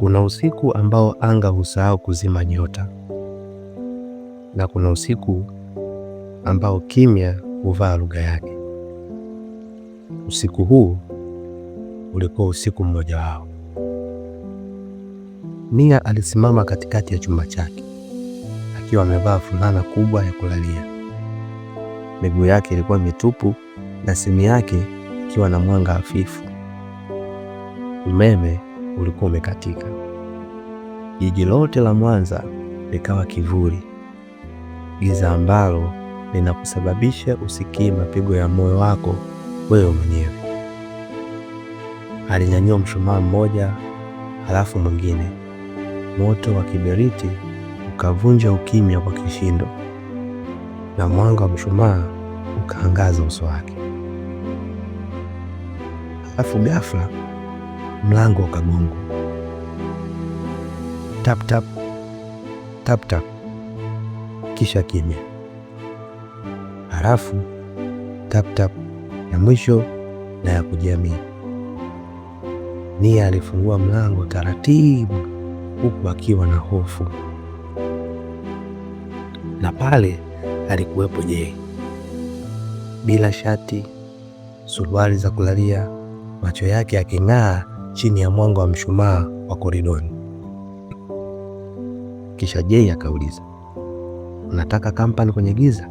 Kuna usiku ambao anga husahau kuzima nyota, na kuna usiku ambao kimya huvaa lugha yake. Usiku huu ulikuwa usiku mmoja wao. Nia alisimama katikati ya chumba chake akiwa amevaa fulana kubwa ya kulalia. Miguu yake ilikuwa mitupu na simu yake ikiwa na mwanga hafifu. Umeme ulikuwa umekatika. Jiji lote la Mwanza likawa kivuli, giza ambalo linakusababisha usikie mapigo ya moyo wako wewe mwenyewe. Alinyanyua mshumaa mmoja halafu mwingine, moto wa kiberiti ukavunja ukimya kwa kishindo, na mwanga wa mshumaa ukaangaza uso wake, halafu ghafla mlango kagongo tap tap tap tap, kisha kimya, halafu tap tap ya mwisho na ya kujamii. Nia alifungua mlango taratibu, huku akiwa na hofu. Na pale alikuwepo Jei bila shati, suruali za kulalia, macho yake yaking'aa chini ya mwanga wa mshumaa wa koridoni. Kisha Jay akauliza, unataka kampani kwenye giza?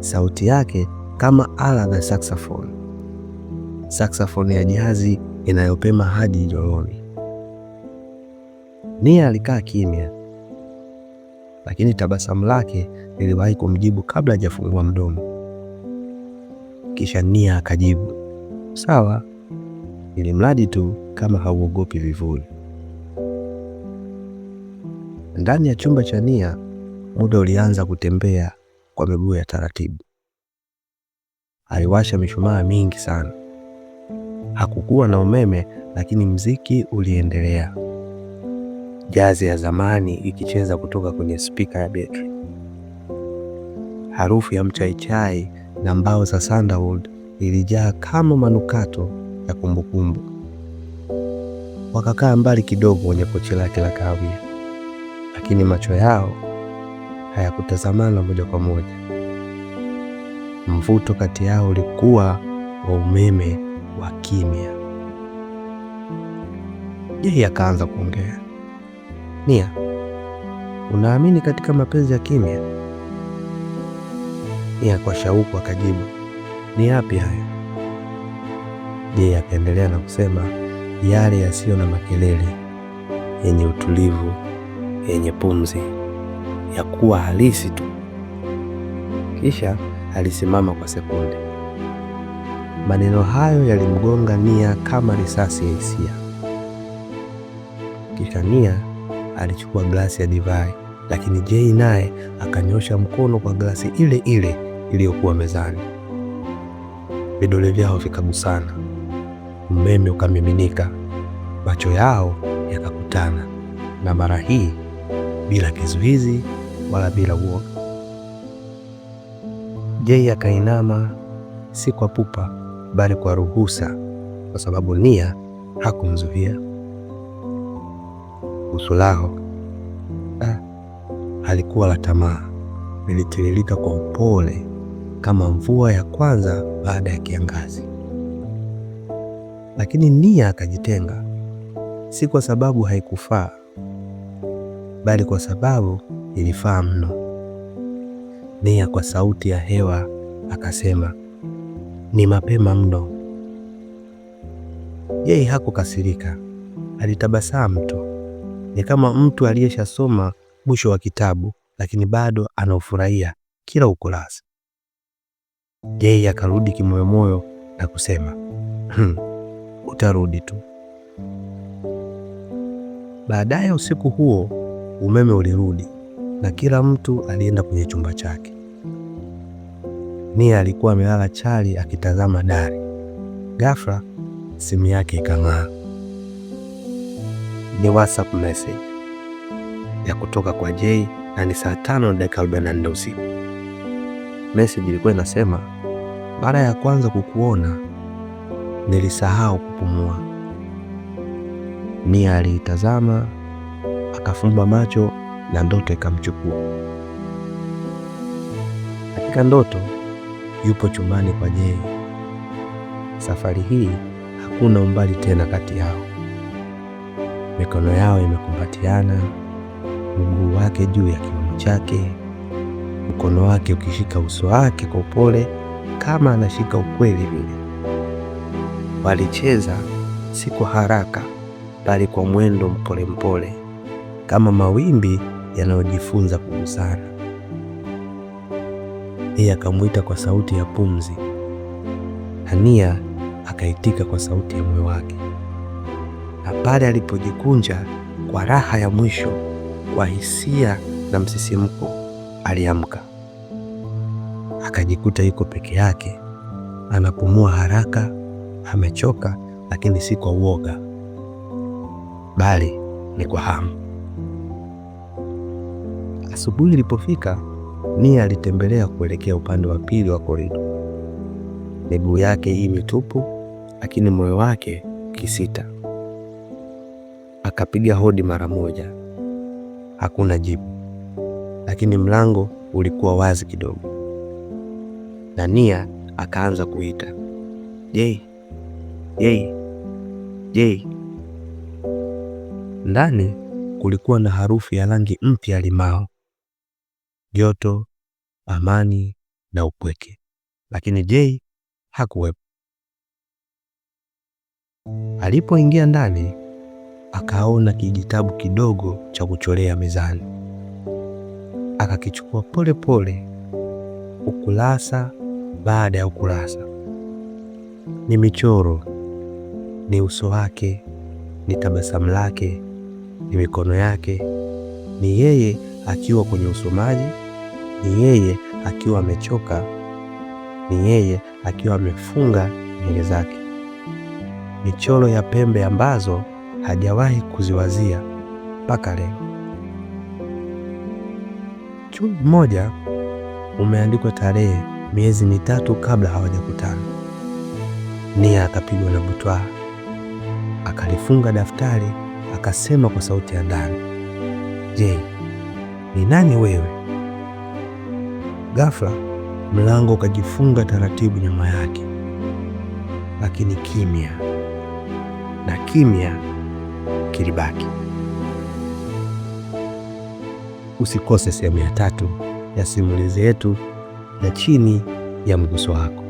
Sauti yake kama ala za saxophone, saxophone ya jazi inayopema hadi joroni. Nia alikaa kimya, lakini tabasamu lake liliwahi kumjibu kabla hajafungua mdomo. Kisha Nia akajibu, sawa ili mradi tu kama hauogopi vivuli. Ndani ya chumba cha Nia, muda ulianza kutembea kwa miguu ya taratibu. Aliwasha mishumaa mingi sana. Hakukuwa na umeme, lakini mziki uliendelea, jazi ya zamani ikicheza kutoka kwenye spika ya betri. Harufu ya mchaichai na mbao za sandalwood ilijaa kama manukato ya kumbukumbu. Wakakaa mbali kidogo kwenye kochi lake la kahawia, lakini macho yao hayakutazamana moja kwa moja. Mvuto kati yao ulikuwa wa umeme wa kimya. Jei akaanza kuongea, Nia, unaamini katika mapenzi ya kimya? Nia kwa shauku akajibu, ni yapi haya? Je, akaendelea na kusema yale yasiyo na makelele, yenye utulivu, yenye pumzi ya kuwa halisi tu. Kisha alisimama kwa sekunde. Maneno hayo yalimgonga Nia kama risasi ya hisia. Kisha Nia alichukua glasi ya divai, lakini Jay naye akanyosha mkono kwa glasi ile ile iliyokuwa mezani. Vidole vyao vikagusana umeme ukamiminika, macho yao yakakutana, na mara hii bila kizuizi wala bila uoga. Jei akainama, si kwa pupa, bali kwa ruhusa, kwa sababu Nia hakumzuia. Uso lao ah, halikuwa la tamaa, lilitiririka kwa upole kama mvua ya kwanza baada ya kiangazi lakini Nia akajitenga, si kwa sababu haikufaa, bali kwa sababu ilifaa mno. Nia kwa sauti ya hewa akasema, ni mapema mno. Yeye hakukasirika, alitabasamu tu. Ni kama mtu aliyeshasoma mwisho wa kitabu, lakini bado anaufurahia kila ukurasa. Yeye akarudi kimoyomoyo na kusema hmm, utarudi tu. Baadaye usiku huo umeme ulirudi na kila mtu alienda kwenye chumba chake. Nia alikuwa amelala chali akitazama dari. Ghafla simu yake ikang'aa, ni WhatsApp message ya kutoka kwa Jay na ni saa tano na dakika arobaini na nne usiku. Message ilikuwa inasema, baada ya kwanza kukuona nilisahau kupumua. Mia aliitazama akafumba macho na ndoto ikamchukua. Katika ndoto yupo chumbani kwa Jei. Safari hii hakuna umbali tena kati yao. Mikono yao imekumbatiana, mguu wake juu ya kiuno chake, mkono wake ukishika uso wake kwa upole, kama anashika ukweli vile. Walicheza si kwa haraka, bali kwa mwendo mpole, kama mawimbi yanayojifunza kugusana. Yeye akamwita kwa sauti ya pumzi, Hania akaitika kwa sauti ya moyo wake, na pale alipojikunja kwa raha ya mwisho, kwa hisia na msisimko, aliamka akajikuta yuko peke yake, anapumua haraka amechoka, lakini si kwa uoga, bali ni kwa hamu. Asubuhi ilipofika, Nia alitembelea kuelekea upande wa pili wa korido, miguu yake hii mitupu, lakini moyo wake kisita. Akapiga hodi mara moja, hakuna jibu, lakini mlango ulikuwa wazi kidogo, na Nia akaanza kuita, jei Yei, yei. Ndani kulikuwa na harufu ya rangi mpya ya limao, joto, amani na upweke, lakini Jay hakuwepo. Alipoingia ndani, akaona kijitabu kidogo cha kuchorea mezani. Akakichukua polepole, ukurasa baada ya ukurasa, ni michoro ni uso wake, ni tabasamu lake, ni mikono yake, ni yeye akiwa kwenye usomaji, ni yeye akiwa amechoka, ni yeye akiwa amefunga nywele zake, michoro ya pembe ambazo hajawahi kuziwazia mpaka leo. Chumvi mmoja umeandikwa tarehe miezi mitatu kabla hawajakutana. Nia akapigwa na butwaa akalifunga daftari, akasema kwa sauti ya ndani, je, ni nani wewe? Ghafla mlango ukajifunga taratibu nyuma yake, lakini kimya na kimya kilibaki. Usikose sehemu ya tatu ya simulizi yetu ya Chini ya Mguso Wako.